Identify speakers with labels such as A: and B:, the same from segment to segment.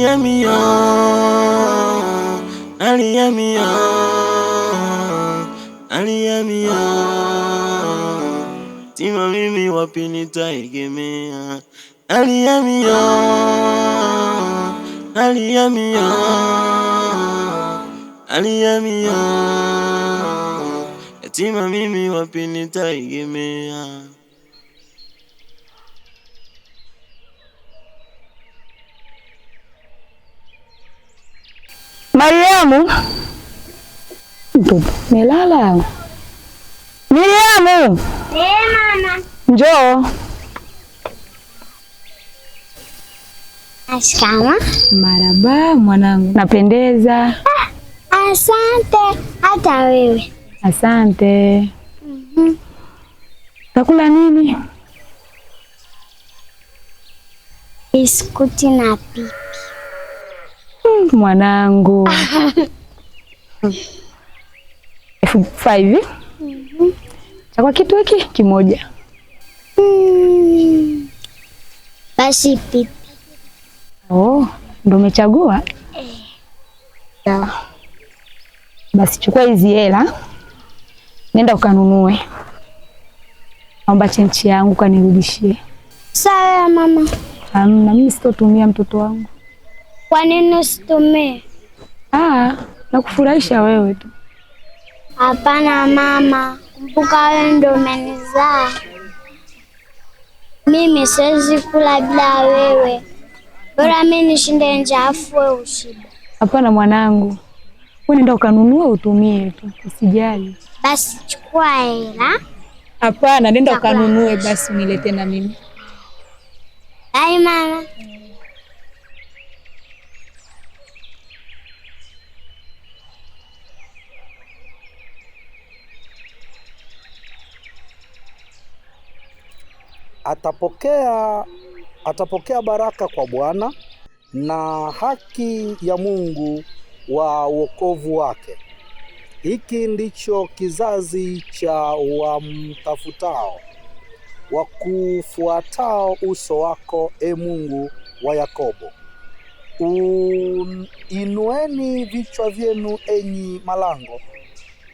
A: Aliyemia, aliyemia, aliyemia, sima mimi wapi nitaegemea? Aliyemia, aliyemia, aliyemia, sima mimi wapi nitaegemea?
B: Mariamu, mtoto melala. Mariamu, njoo.
C: Ashikama.
B: Maraba mwanangu, napendeza. Ah,
C: asante. Hata wewe
B: asante. Takula mhm. nini?
C: Biskuti na pipi
B: mwanangu elfu five mhm. chakwa kitu hiki kimoja hmm.
C: basi pipi.
B: Oh, ndo umechagua eh. Basi chukua hizi hela, nenda ukanunue, naomba chenchi yangu kanirudishie.
C: Sawa mama.
B: Hamna, mimi sitotumia mtoto wangu.
C: Kwa nini usitumie?
B: Ah, nakufurahisha wewe tu.
C: Hapana mama, kumbuka wewe ndio umenizaa mimi, siwezi kula bila wewe. Bora mimi nishinde njaa afu wewe ushibe.
B: Hapana mwanangu, wewe nenda ukanunua utumie tu, usijali.
C: Basi chukua hela.
B: Hapana, nenda ukanunue basi, nilete na mimi.
C: Hai mama.
D: atapokea, atapokea baraka kwa Bwana na haki ya Mungu wa wokovu wake. Hiki ndicho kizazi cha wamtafutao, wa kufuatao uso wako, e Mungu wa Yakobo. inueni vichwa vyenu enyi malango,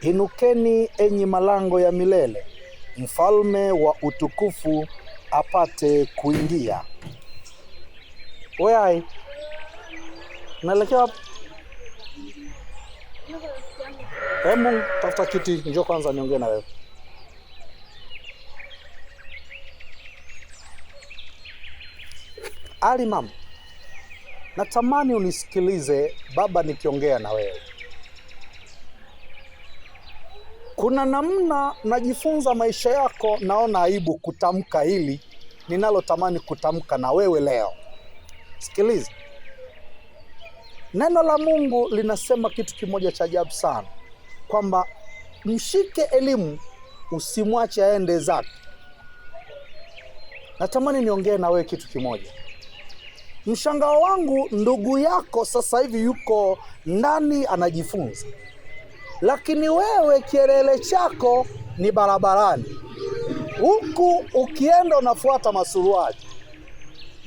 D: inukeni enyi malango ya milele, mfalme wa utukufu apate kuingia. Wewe unaelekea Hebu tafuta kiti, njoo kwanza niongee na wewe. Ali, mama, natamani unisikilize baba nikiongea na wewe. Kuna namna najifunza maisha yako, naona aibu kutamka hili ninalotamani kutamka na wewe leo. Sikiliza, neno la Mungu linasema kitu kimoja cha ajabu sana, kwamba mshike elimu, usimwache aende zake. Natamani niongee na wewe kitu kimoja. Mshangao wangu, ndugu yako sasa hivi yuko ndani anajifunza lakini wewe kielele chako ni barabarani huku ukienda unafuata masuruali.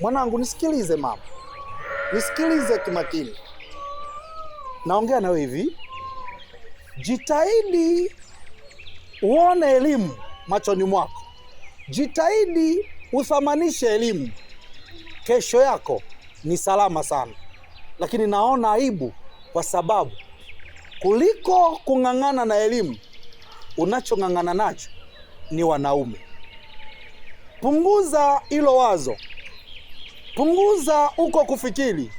D: Mwanangu nisikilize, mama nisikilize kimakini, naongea nawe hivi, jitahidi uone elimu machoni mwako, jitahidi uthamanishe elimu. Kesho yako ni salama sana, lakini naona aibu kwa sababu kuliko kung'ang'ana na elimu, unachong'ang'ana nacho ni wanaume. Punguza hilo wazo, punguza huko kufikiri,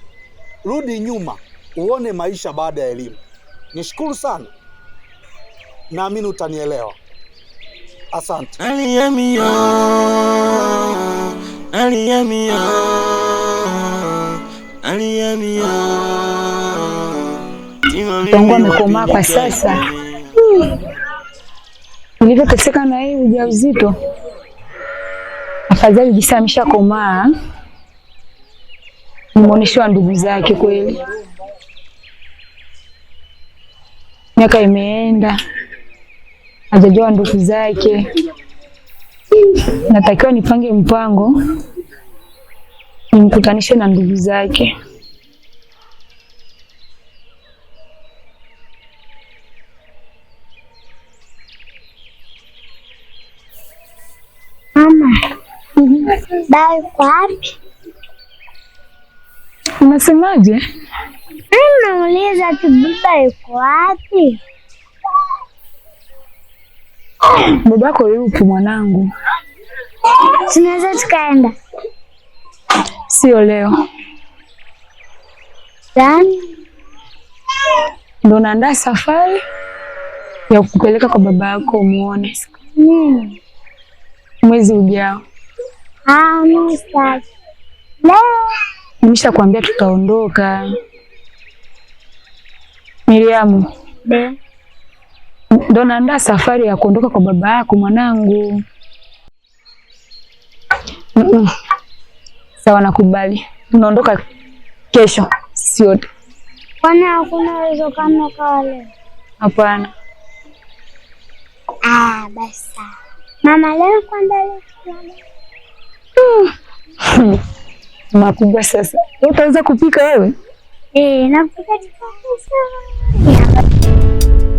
D: rudi nyuma uone maisha baada ya elimu. Nishukuru sana, naamini utanielewa. Asante.
A: Aliyemio, aliyemio, aliyemio
B: tangu amekomaa kwa sasa hmm. Nilivyoteseka na yeye ujauzito, afadhali Jisa ameshakomaa, nimeoneshewa ndugu zake. Kweli miaka imeenda, hajajoa ndugu zake. Natakiwa nipange mpango nimkutanishe na ndugu zake.
C: Baba wapi?
B: Unasemaje?
C: Nauliza tu baba yuko wapi?
B: Baba yako mwanangu?
C: Tunaweza tukaenda?
B: Sio leo. Ndo naandaa safari ya kupeleka kwa baba yako umuone hmm. mwezi ujao. Nimesha kuambia tutaondoka. Miriamu, ndo naandaa safari ya kuondoka kwa baba yako mwanangu. mm -mm. Sawa, nakubali. Tunaondoka kesho, sio?
C: Kwani hakuna uwezo kama Hapana. Ah, basi mama, leo leo.
B: Makubwa sasa, utaweza kupika wewe?
C: Eh, napika chakula.